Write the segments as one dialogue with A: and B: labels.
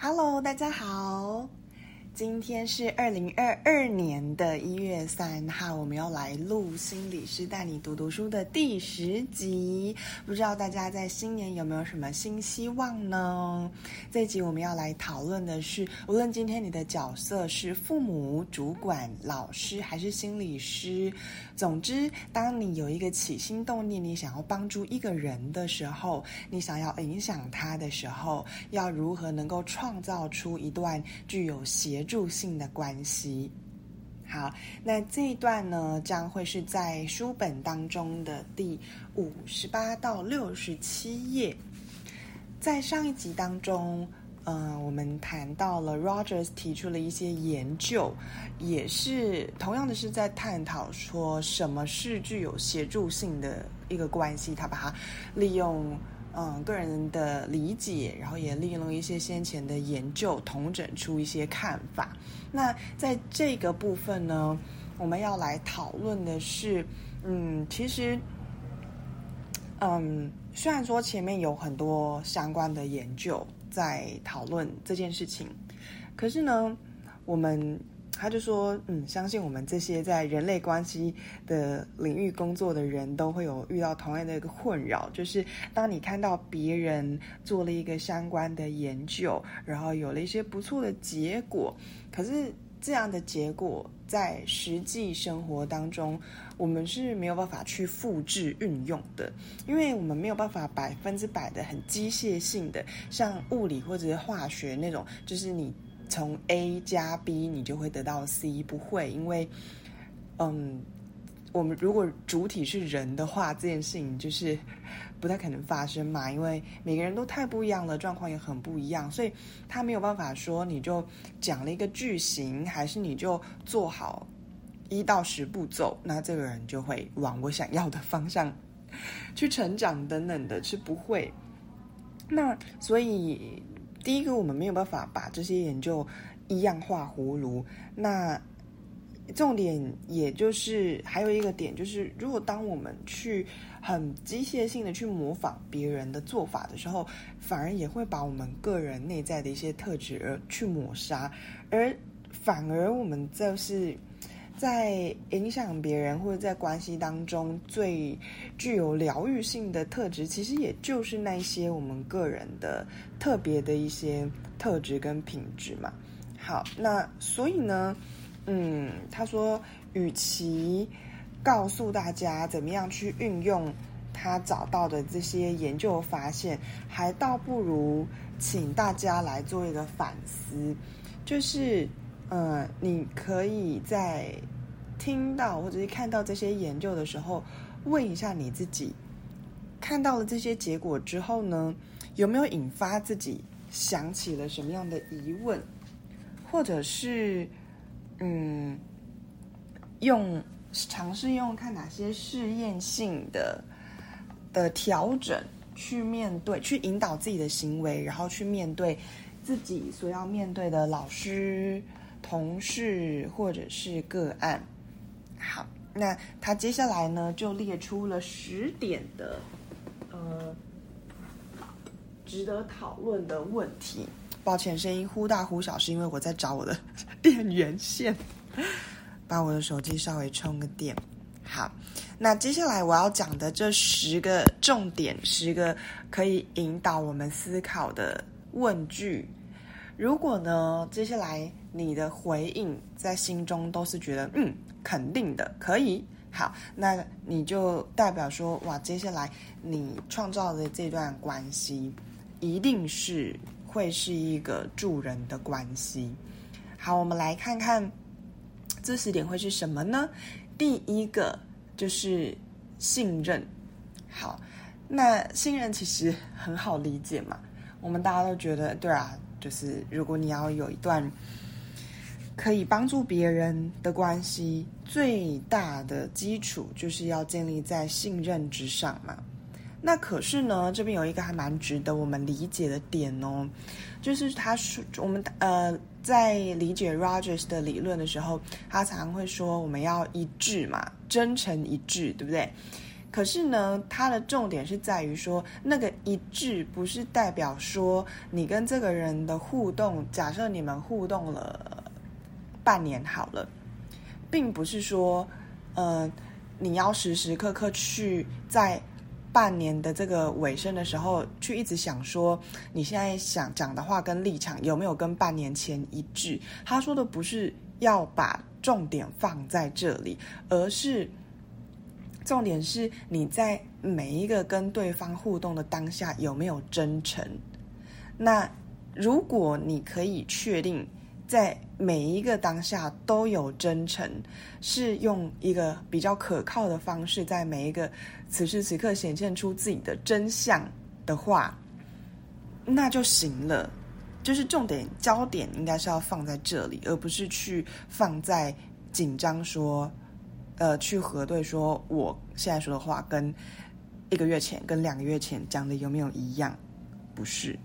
A: Hello，大家好！今天是二零二二年的一月三號，我們要來錄心理師帶你讀讀書的第十集。不知道大家在新年有沒有什麼新希望呢？這集我們要來討論的是，無論今天你的角色是父母、主管、老師，還是心理師。總之，當你有一個起心動念，你想要幫助一個人的時候，你想要影響他的時候，要如何能夠創造出一段具有協助性的關係？好，那這一段呢，將會是在書本當中的第五十八到六十七頁。在上一集當中。嗯，我們談到了 Rogers 提出了一些研究，也是同樣的是在探討說什麼是具有協助性的一個關係。他把它利用嗯個人的理解，然後也利用了一些先前的研究，統整出一些看法。那在這個部分呢，我們要來討論的是，嗯，其實，嗯，雖然說前面有很多相關的研究。在討論這件事情，可是呢，我們他就說，嗯，相信我們這些在人類關係的領域工作的人都會有遇到同樣的一個困擾，就是當你看到別人做了一個相關的研究，然後有了一些不錯的結果，可是這樣的結果在實際生活當中。我們是沒有辦法去複製運用的，因為我們沒有辦法百分之百的很機械性的像物理或者是化學那種，就是你從 A 加 B 你就會得到 C，不會，因為嗯，我們如果主體是人的話，這件事情就是不太可能發生嘛，因為每個人都太不一樣了，狀況也很不一樣，所以他沒有辦法說你就講了一個句型，還是你就做好。一到十步走，那這個人就會往我想要的方向去成長等等的，是不會。那所以第一個，我們沒有辦法把這些研究依樣畫葫蘆。那重點也就是還有一個點，就是如果當我們去很機械性的去模仿別人的做法的時候，反而也會把我們個人內在的一些特質而去抹殺，而反而我們就是。在影響別人或者在關係當中最具有療癒性的特質，其實也就是那些我們個人的特別的一些特質跟品質嘛。好，那所以呢，嗯，他說，與其告訴大家怎麼樣去運用他找到的這些研究發現，還倒不如請大家來做一個反思，就是。呃、嗯，你可以在聽到或者是看到這些研究的時候，問一下你自己，看到了這些結果之後呢，有沒有引發自己想起了什麼樣的疑問，或者是嗯，用嘗試用看哪些試驗性的的調整去面對，去引導自己的行為，然後去面對自己所要面對的老師。同事或者是個案。好，那他接下來呢，就列出了十點的呃值得討論的問題。抱歉，聲音忽大忽小，是因為我在找我的電源線，把我的手機稍微充個電。好，那接下來我要講的這十個重點，十個可以引導我們思考的問句。如果呢，接下來。你的回應在心中都是覺得嗯，肯定的，可以好，那你就代表說哇，接下來你創造的這段關係一定是會是一個助人的關係。好，我們來看看這十點會是什麼呢？第一個就是信任。好，那信任其實很好理解嘛，我們大家都覺得對啊，就是如果你要有一段。可以幫助別人的關係，最大的基礎就是要建立在信任之上嘛。那可是呢，這邊有一個還蠻值得我們理解的點哦，就是他說，我們呃在理解 Rogers 的理論的時候，他常會說我們要一致嘛，真誠一致，對不對？可是呢，他的重點是在於說，那個一致不是代表說你跟這個人的互動，假設你們互動了。半年好了，並不是說，呃，你要時時刻刻去在半年的這個尾聲的時候去一直想說，你現在想講的話跟立場有沒有跟半年前一致。他說的不是要把重點放在這裡，而是重點是你在每一個跟對方互動的當下有沒有真誠。那如果你可以確定。在每一個當下都有真誠，是用一個比較可靠的方式，在每一個此時此刻顯現出自己的真相的話，那就行了。就是重點焦點應該是要放在這裡，而不是去放在緊張說，呃，去核對說我現在說的話跟一個月前、跟兩個月前講的有沒有一樣，不是。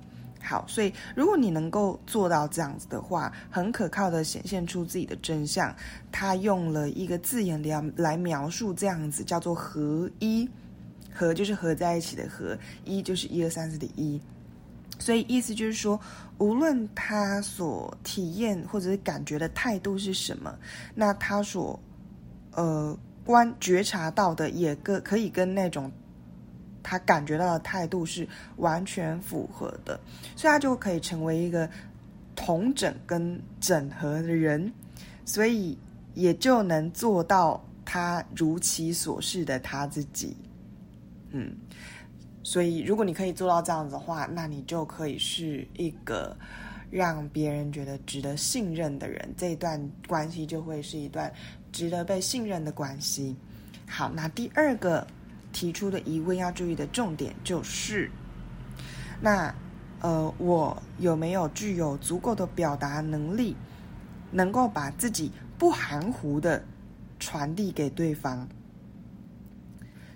A: 好，所以如果你能夠做到這樣子的話，很可靠的顯現出自己的真相。他用了一個字眼來來描述這樣子，叫做“合一”。合就是合在一起的合，一就是一、二、三、四的一。所以意思就是說，無論他所體驗或者是感覺的態度是什麼，那他所呃觀覺察到的也跟可以跟那種，他感覺到的態度是完全符合的，所以他就可以成為一個同整跟整合的人，所以也就能做到他如其所是的他自己。嗯，所以如果你可以做到這樣子的話，那你就可以是一個讓別人覺得值得信任的人，這一段關係就會是一段值得被信任的關係。好，那第二個。提出的疑問要注意的重點就是，那呃，我有沒有具有足夠的表達能力，能夠把自己不含糊的傳遞給對方？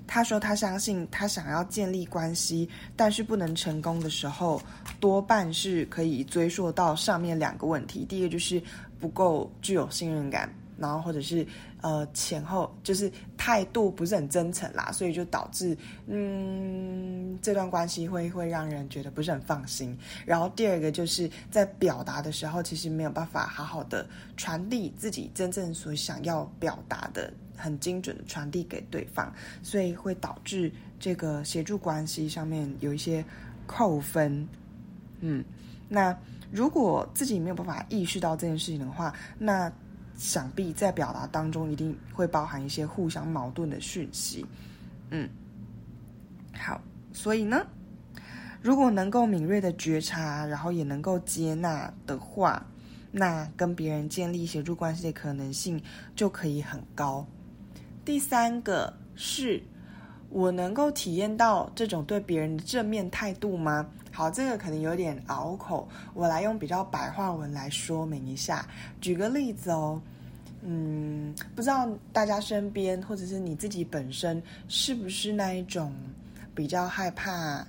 A: 他說他相信他想要建立關係，但是不能成功的時候，多半是可以追溯到上面兩個問題。第一個就是不夠具有信任感。然後，或者是呃前後，就是態度不是很真誠啦，所以就導致嗯，這段關係會會讓人覺得不是很放心。然後第二個就是在表達的時候，其實沒有辦法好好的傳遞自己真正所想要表達的，很精準的傳遞給對方，所以會導致這個協助關係上面有一些扣分。嗯，那如果自己沒有辦法意識到這件事情的話，那。想必在表達當中一定會包含一些互相矛盾的訊息，嗯，好，所以呢，如果能夠敏銳的覺察，然後也能夠接納的話，那跟別人建立協助關係的可能性就可以很高。第三個是。我能夠體驗到這種對別人的正面態度嗎？好，這個可能有點拗口，我來用比較白話文來說明一下。舉個例子哦，嗯，不知道大家身邊或者是你自己本身是不是那一種比較害怕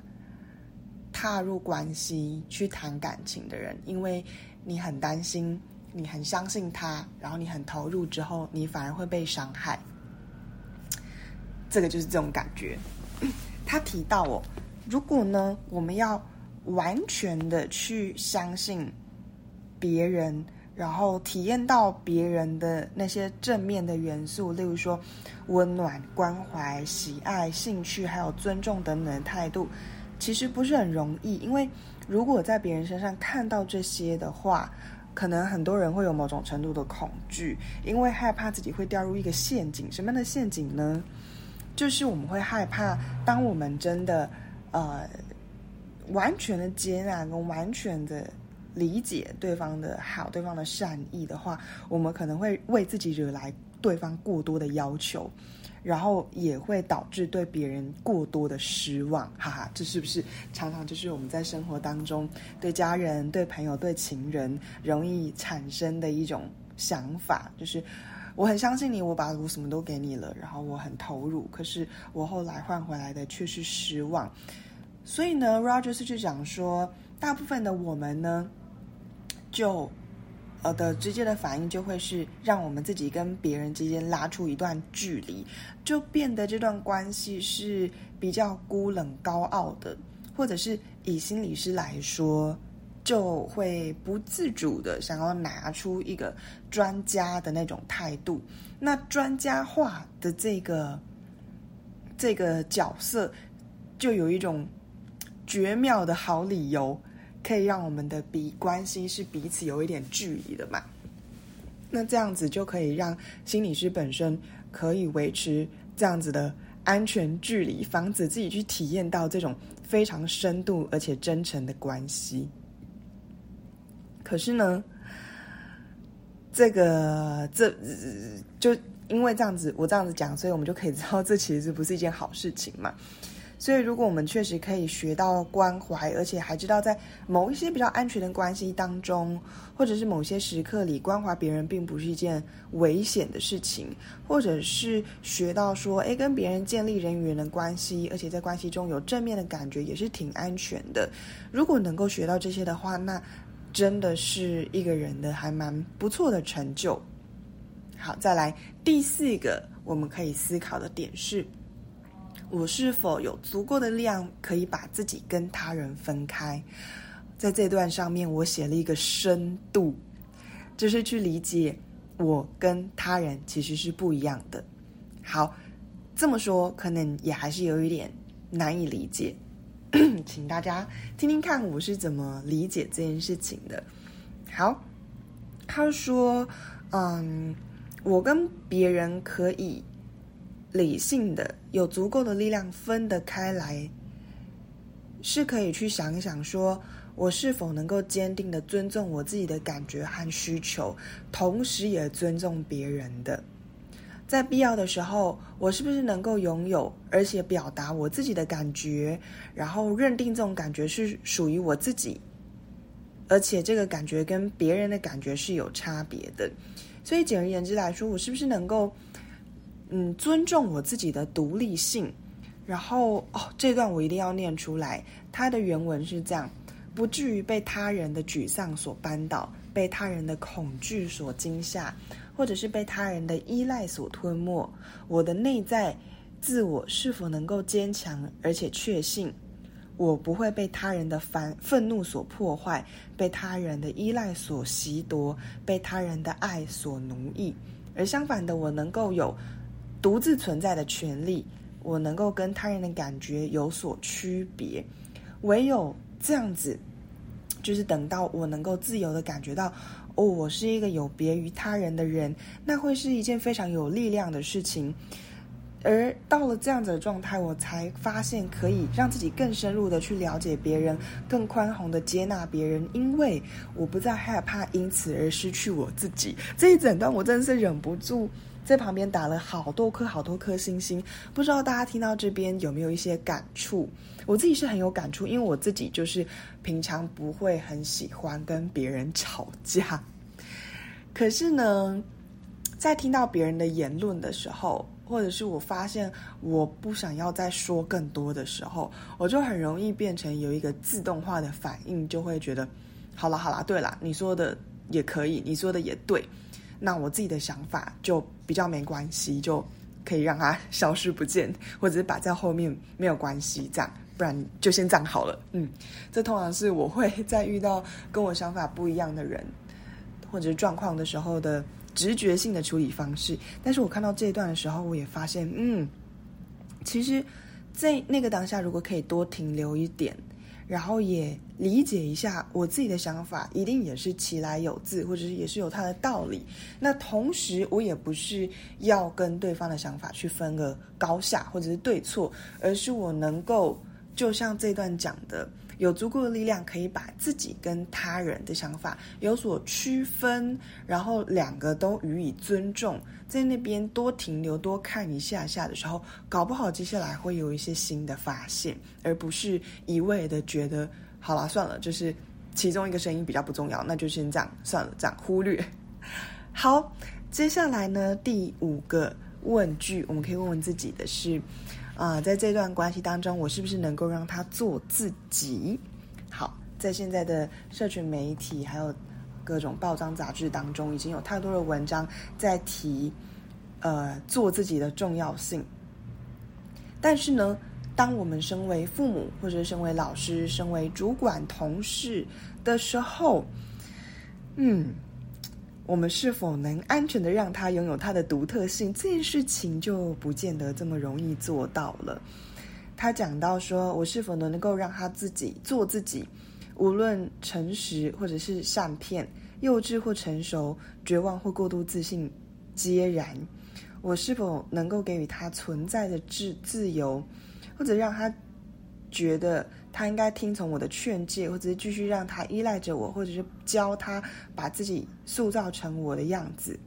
A: 踏入關係去談感情的人？因為你很擔心，你很相信他，然後你很投入之後，你反而會被傷害。這個就是這種感覺。他提到，哦，如果呢，我們要完全的去相信別人，然後體驗到別人的那些正面的元素，例如說溫暖、關懷、喜愛、興趣，還有尊重等等的態度，其實不是很容易。因為如果在別人身上看到這些的話，可能很多人會有某種程度的恐懼，因為害怕自己會掉入一個陷阱。什麼樣的陷阱呢？就是我們會害怕，當我們真的，呃，完全的接納跟完全的理解對方的好、對方的善意的話，我們可能會為自己惹來對方過多的要求，然後也會導致對別人過多的失望。哈哈，這是不是常常就是我們在生活當中對家人、對朋友、對情人容易產生的一種想法？就是。我很相信你，我把我什麼都給你了，然後我很投入，可是我後來換回來的卻是失望。所以呢，Rogers 就講說，大部分的我們呢，就呃的直接的反應就會是讓我們自己跟別人之間拉出一段距離，就變得這段關係是比較孤冷、高傲的，或者是以心理師來說。就會不自主的想要拿出一個專家的那種態度，那專家化的這個這個角色，就有一種絕妙的好理由，可以讓我們的比關係是彼此有一點距離的嘛。那這樣子就可以讓心理師本身可以維持這樣子的安全距離，防止自己去體驗到這種非常深度而且真誠的關係。可是呢，這個這、呃、就因為這樣子，我這樣子講，所以我們就可以知道，這其實不是一件好事情嘛。所以，如果我們確實可以學到關懷，而且還知道在某一些比較安全的關係當中，或者是某些時刻裡關懷別人，並不是一件危險的事情，或者是學到說，誒，跟別人建立人與人的關係，而且在關係中有正面的感覺，也是挺安全的。如果能夠學到這些的話，那，真的是一個人的還蠻不錯的成就。好，再來第四個我們可以思考的點是：我是否有足夠的量可以把自己跟他人分開？在這段上面，我寫了一個深度，就是去理解我跟他人其實是不一樣的。好，這麼說可能也還是有一點難以理解。 請大家聽聽看我是怎麼理解這件事情的。好，他說，嗯，我跟別人可以理性的有足夠的力量分得開來，是可以去想一想，說我是否能夠堅定的尊重我自己的感覺和需求，同時也尊重別人的。在必要的時候，我是不是能夠擁有而且表達我自己的感覺，然後認定這種感覺是屬於我自己，而且這個感覺跟別人的感覺是有差別的。所以簡而言之來說，我是不是能夠嗯，尊重我自己的獨立性？然後哦，這段我一定要念出來，它的原文是這樣：不至於被他人的沮喪所扳倒，被他人的恐懼所驚嚇。或者是被他人的依賴所吞沒，我的內在自我是否能夠堅強而且確信？我不會被他人的煩憤怒所破壞，被他人的依賴所剝奪，被他人的愛所奴役。而相反的，我能夠有獨自存在的權利，我能夠跟他人的感覺有所區別。唯有這樣子，就是等到我能夠自由地感覺到。哦，oh, 我是一個有別於他人的人，那會是一件非常有力量的事情。而到了這樣子的狀態，我才發現可以讓自己更深入的去了解別人，更寬宏的接納別人，因為我不再害怕因此而失去我自己。這一整段，我真的是忍不住。在旁邊打了好多顆好多顆星星，不知道大家聽到這邊有沒有一些感觸？我自己是很有感觸，因為我自己就是平常不會很喜歡跟別人吵架，可是呢，在聽到別人的言論的時候，或者是我發現我不想要再說更多的時候，我就很容易變成有一個自動化的反應，就會覺得，好啦好啦，對啦，你說的也可以，你說的也對。那我自己的想法就比較沒關係，就可以讓它消失不見，或者是擺在後面沒有關係這樣，不然就先這樣好了。嗯，這通常是我會在遇到跟我想法不一樣的人或者是狀況的時候的直覺性的處理方式。但是我看到這一段的時候，我也發現，嗯，其實，在那個當下，如果可以多停留一點。然後也理解一下我自己的想法，一定也是其來有自，或者是也是有它的道理。那同時，我也不是要跟對方的想法去分個高下，或者是對錯，而是我能夠，就像這段講的。有足夠的力量，可以把自己跟他人的想法有所區分，然後兩個都予以尊重，在那邊多停留，多看一下下的時候，搞不好接下來會有一些新的發現，而不是一味的覺得好啦算了，就是其中一個聲音比較不重要，那就先這樣算了，這樣忽略。好，接下來呢，第五個問句，我們可以問問自己的是。啊，在這段關係當中，我是不是能夠讓他做自己？好，在現在的社群媒體還有各種報章雜誌當中，已經有太多的文章在提，呃，做自己的重要性。但是呢，當我們身為父母或者身為老師、身為主管、同事的時候，嗯。我們是否能安全地讓他擁有他的獨特性，這件事情就不見得這麼容易做到了。他講到說，我是否能夠讓他自己做自己，無論誠實或者是善騙，幼稚或成熟，絕望或過度自信，皆然。我是否能夠給予他存在的自自由，或者讓他覺得，他應該聽從我的勸誡，或者是繼續讓他依賴着我，或者是教他把自己塑造成我的樣子。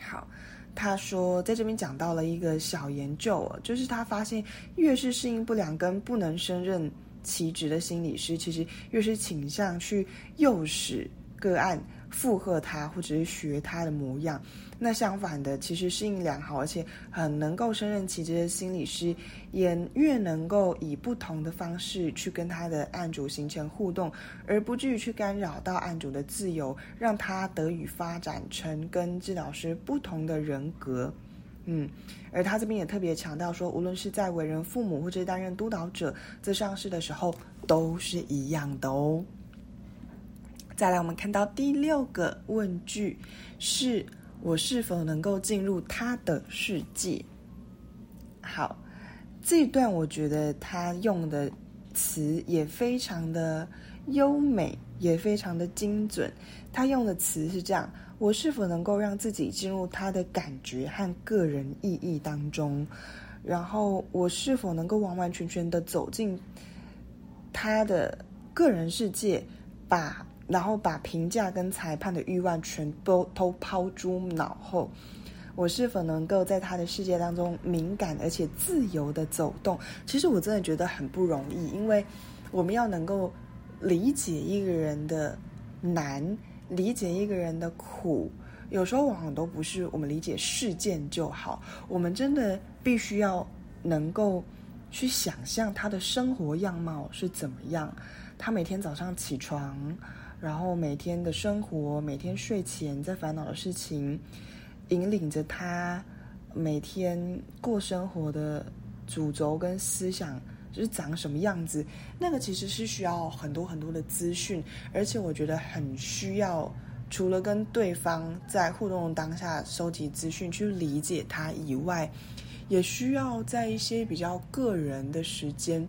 A: 好，他說在這邊講到了一個小研究啊，就是他發現越是適應不良、跟不能勝任其職的心理師，其實越是傾向去誘使個案。附和他，或者是學他的模樣，那相反的，其實適應良好，而且很能夠勝任其職的心理師，也越能夠以不同的方式去跟他的案主形成互動，而不至於去干擾到案主的自由，讓他得以發展成跟治療師不同的人格。嗯，而他這邊也特別強調說，無論是在為人父母，或者是擔任督導者在上市的時候，都是一樣的哦。再來，我們看到第六個問句，是我是否能夠進入他的世界？好，這一段我覺得他用的詞也非常的優美，也非常的精準。他用的詞是這樣：我是否能夠讓自己進入他的感覺和個人意義當中？然後，我是否能夠完完全全的走進他的個人世界，把然後把評價跟裁判的慾望全都都拋諸腦後，我是否能夠在他的世界當中敏感而且自由地走動？其實我真的覺得很不容易，因為我們要能夠理解一個人的難，理解一個人的苦，有時候往往都不是我們理解事件就好，我們真的必須要能夠去想象他的生活樣貌是怎麼樣，他每天早上起床。然後每天的生活，每天睡前在煩惱的事情，引領着他每天過生活的主軸跟思想，就是長什麼樣子。那個其實是需要很多很多的資訊，而且我覺得很需要，除了跟對方在互動當下收集資訊去理解他以外，也需要在一些比較個人的時間。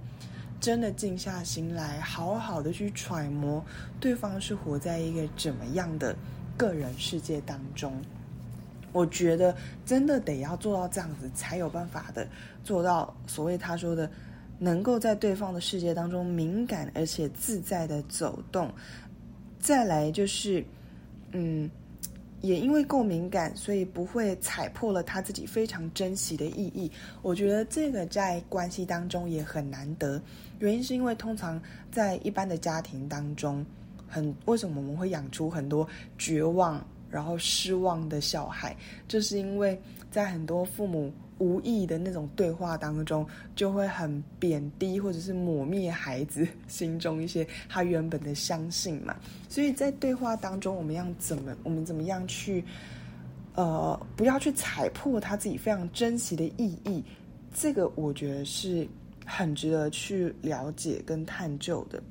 A: 真的靜下心來，好好的去揣摩對方是活在一個怎麼樣的個人世界當中。我覺得真的得要做到這樣子，才有辦法的做到所謂他說的，能夠在對方的世界當中敏感而且自在的走動。再來就是，嗯。也因為夠敏感，所以不會踩破了他自己非常珍惜的意義。我覺得這個在關係當中也很難得，原因是因為通常在一般的家庭當中很，很為什麼我們會養出很多絕望然後失望的小孩，就是因為在很多父母。無意的那種對話當中，就會很貶低或者是抹滅孩子心中一些他原本的相信嘛。所以在對話當中，我們要怎麼，我們怎麼樣去，呃，不要去踩破他自己非常珍惜的意義，這個我覺得是很值得去了解跟探究的。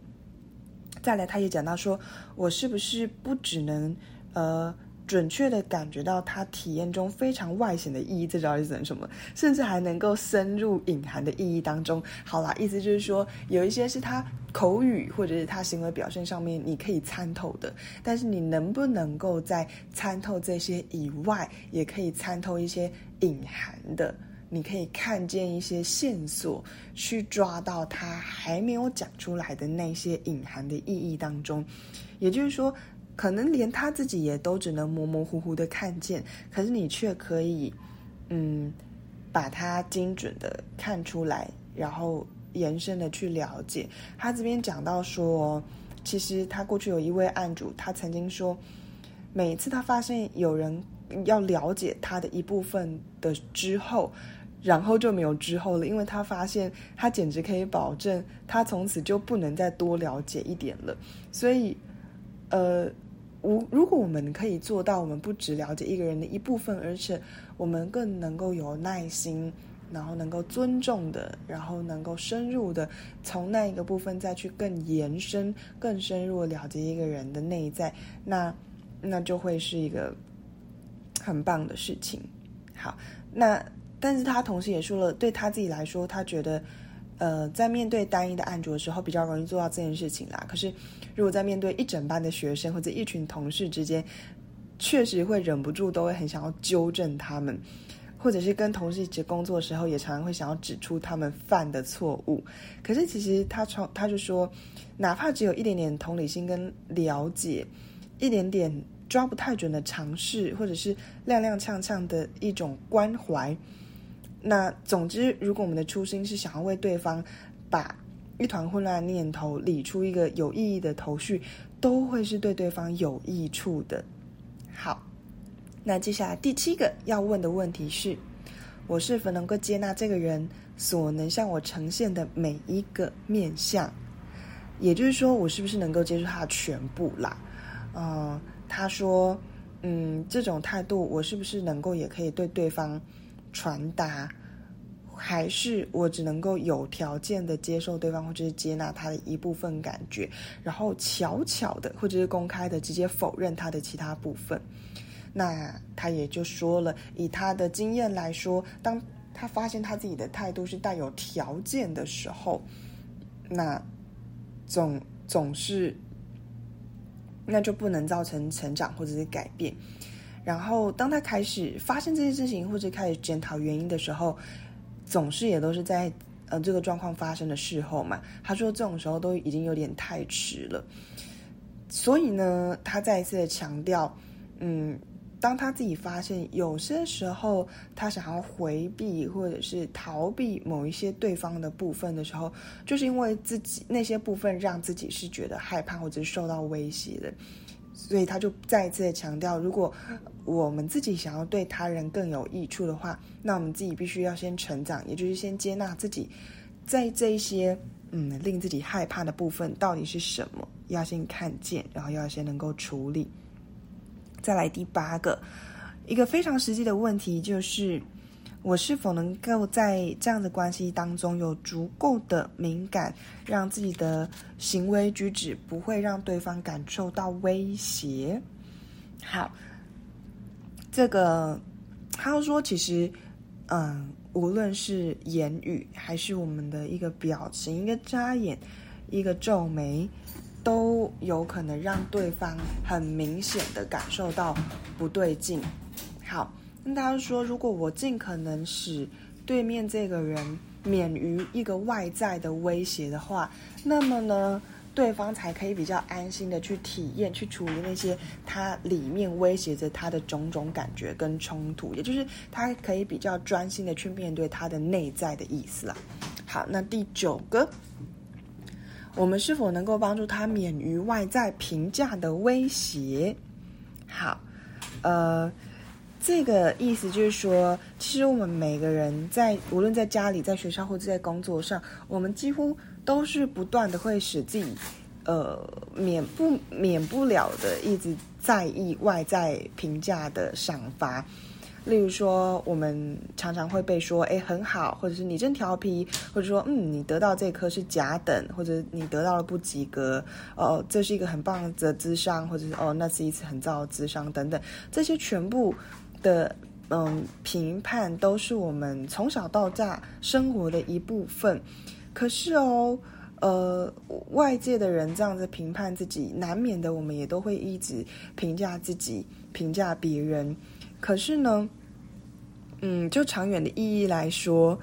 A: 再來，他也講到說，我是不是不只能，呃。準確地感覺到他體驗中非常外顯的意義，這到底是什麼？甚至還能夠深入隱含的意義當中。好啦，意思就是說，有一些是他口語或者是他行為表現上面你可以參透的，但是你能不能夠在參透這些以外，也可以參透一些隱含的，你可以看見一些線索，去抓到他還沒有講出來的那些隱含的意義當中。也就是說。可能連他自己也都只能模模糊糊的看見，可是你卻可以，嗯，把它精準的看出來，然後延伸的去了解。他這邊講到說，其實他過去有一位案主，他曾經說，每一次他發現有人要了解他的一部分的之後，然後就沒有之後了，因為他發現他簡直可以保證，他從此就不能再多了解一點了，所以。呃，我如果我們可以做到，我們不只了解一個人的一部分，而且我們更能夠有耐心，然後能夠尊重的，然後能夠深入的，從那一個部分再去更延伸、更深入了解一個人的內在，那那就會是一個很棒的事情。好，那但是他同時也說了，對他自己來說，他覺得。呃，在面對單一的案主的時候，比較容易做到這件事情啦。可是，如果在面對一整班的學生或者一群同事之間，確實會忍不住都會很想要糾正他們，或者是跟同事一起工作的時候，也常常會想要指出他們犯的錯誤。可是，其實他從他就說，哪怕只有一點點同理心跟了解，一點點抓不太準的嘗試，或者是踉踉蹌蹌的一種關懷。那總之，如果我們的初心是想要為對方把一團混亂的念頭理出一個有意義的頭緒，都會是對對方有益處的。好，那接下來第七個要問的問題是：我是否能夠接納這個人所能向我呈現的每一個面向？也就是說，我是不是能夠接受他的全部啦？嗯、呃，他說，嗯，這種態度，我是不是能夠也可以對對方？傳達，還是我只能夠有條件的接受對方，或者是接納他的一部分感覺，然後悄悄的或者是公開的直接否認他的其他部分。那他也就說了，以他的經驗來說，當他發現他自己的態度是帶有條件的時候，那總總是那就不能造成成長或者是改變。然後，當他開始發現這些事情，或者開始檢討原因的時候，總是也都是在呃這個狀況發生的時候嘛。他說這種時候都已經有點太遲了，所以呢，他再一次的強調，嗯，當他自己發現有些時候他想要回避或者是逃避某一些對方的部分的時候，就是因為自己那些部分讓自己是覺得害怕或者是受到威脅的。所以他就再一次的強調，如果我們自己想要對他人更有益處的話，那我們自己必須要先成長，也就是先接納自己在這一些嗯令自己害怕的部分到底是什麼，要先看見，然後要先能夠處理。再來第八個，一個非常實際的問題就是。我是否能夠在這樣的關係當中有足夠的敏感，讓自己的行為舉止不會讓對方感受到威脅？好，這個他說，其實，嗯，無論是言語還是我們的一個表情、一個眨眼、一個皺眉，都有可能讓對方很明顯地感受到不對勁。好。他說：“如果我盡可能使對面這個人免於一個外在的威脅的話，那麼呢，對方才可以比較安心的去體驗、去處理那些他裡面威脅着他的種種感覺跟衝突，也就是他可以比較專心的去面對他的內在的意思啦。”好，那第九個，我們是否能夠幫助他免於外在評價的威脅？好，呃。這個意思就是說，其實我們每個人在無論在家裡、在學校或者在工作上，我們幾乎都是不斷的會使自己，呃，免不免不了的一直在意外在評價的賞罰，例如說，我們常常會被說，哎、欸，很好，或者是你真調皮，或者說，嗯，你得到這科是甲等，或者你得到了不及格，哦，這是一個很棒的諮商，或者是哦，那是一次很糟的諮商等等，這些全部的嗯，評判都是我們從小到大生活的一部分。可是哦，呃，外界的人這樣子評判自己，難免的，我們也都會一直評價自己，評價別人。可是呢，嗯，就長遠的意義來說，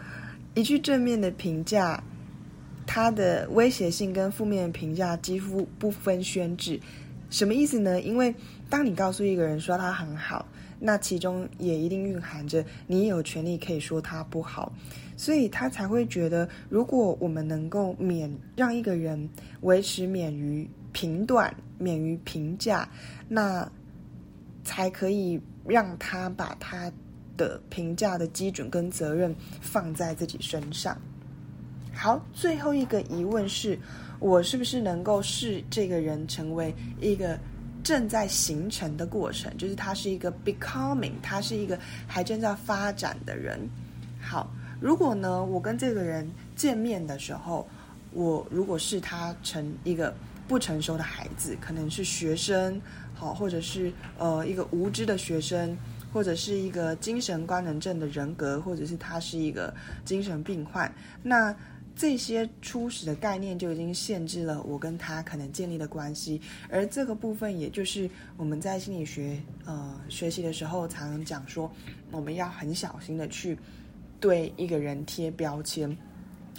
A: 一句正面的評價，它的威脅性跟負面的評價幾乎不分軒輊。什麼意思呢？因為當你告訴一個人說他很好。那其中也一定蘊含着，你有權利可以說他不好，所以他才會覺得，如果我們能夠免讓一個人維持免於評斷、免於評價，那才可以讓他把他的評價的基準跟責任放在自己身上。好，最後一個疑問是，我是不是能夠使這個人成為一個正在形成的過程，就是他是一個 becoming，他是一個還正在發展的人。好，如果呢，我跟這個人見面的時候，我如果是他成一個不成熟的孩子，可能是學生，好，或者是呃一個無知的學生，或者是一個精神官能症的人格，或者是他是一個精神病患，那。這些初始的概念，就已經限制了我跟他可能建立的關係，而這個部分也就是我們在心理學呃學習的時候，常常講說我們要很小心的去對一個人貼標籤，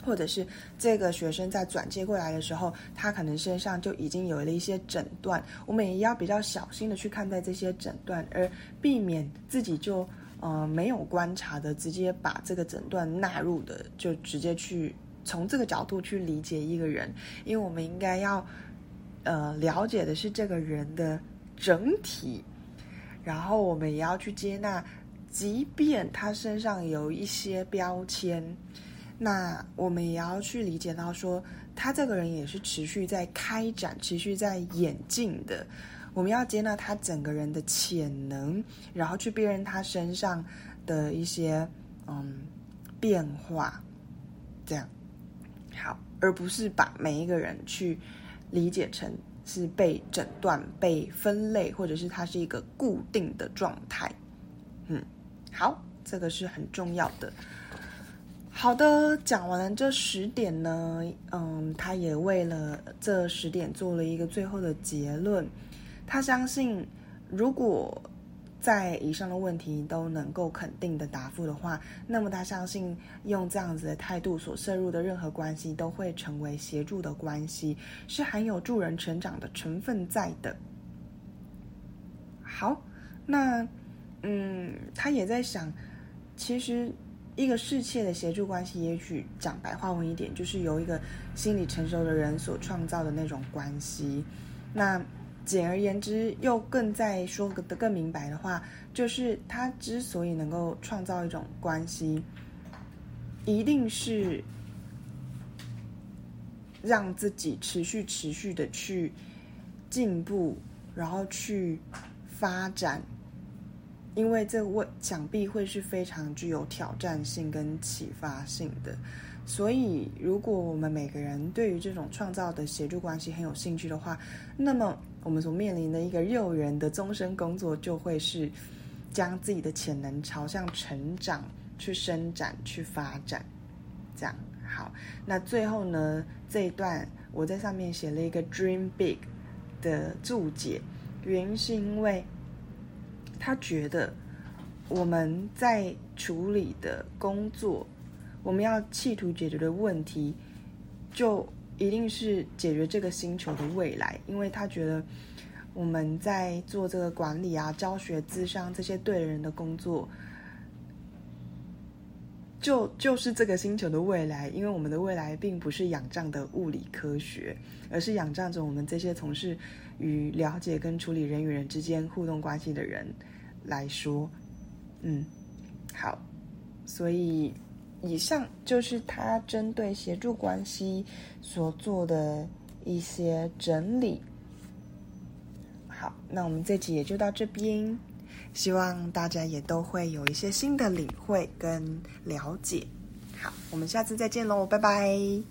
A: 或者是這個學生在轉接過來的時候，他可能身上就已經有了一些診斷，我們也要比較小心的去看待這些診斷，而避免自己就呃沒有觀察的直接把這個診斷納入的，就直接去。從這個角度去理解一個人，因為我們應該要，呃，了解的是這個人的整體，然後我們也要去接納，即便他身上有一些標籤，那我們也要去理解到說，他這個人也是持續在開展、持續在演進的。我們要接納他整個人的潛能，然後去辨認他身上的一些嗯變化，這樣。好，而不是把每一個人去理解成是被診斷、被分類，或者是他是一個固定的狀態。嗯，好，這個是很重要的。好的，講完了這十點呢，嗯，他也為了這十點做了一個最後的結論，他相信，如果在以上的問題都能夠肯定的答覆的話，那麼他相信用這樣子的態度所涉入的任何關係，都會成為協助的關係，是含有助人成長的成分在的。好，那，嗯，他也在想，其實一個世界的協助關係，也許講白話文一點，就是由一個心理成熟的人所創造的那種關係，那。簡而言之，又更在說的更明白的話，就是他之所以能夠創造一種關係，一定是讓自己持續持續的去進步，然後去發展，因為這會想必會是非常具有挑戰性跟啟發性的。所以，如果我們每個人對於這種創造的協助關係很有興趣的話，那麼。我們所面臨的一個誘人的終身工作，就會是將自己的潛能朝向成長去伸展、去發展，這樣。好，那最後呢，這一段我在上面寫了一個 “dream big” 的注解，原因是因為他覺得我們在處理的工作，我們要企圖解決的問題，就。一定是解決這個星球的未來，因為他覺得我們在做這個管理啊、教學、諮商這些對人的工作，就就是這個星球的未來，因為我們的未來並不是仰仗的物理科學，而是仰仗着我們這些從事與了解跟處理人與人之間互動關係的人來說，嗯，好，所以。以上就是他針對協助關係所做的一些整理。好，那我們這集也就到這邊，希望大家也都會有一些新的領會跟了解。好，我們下次再見嘍，拜拜。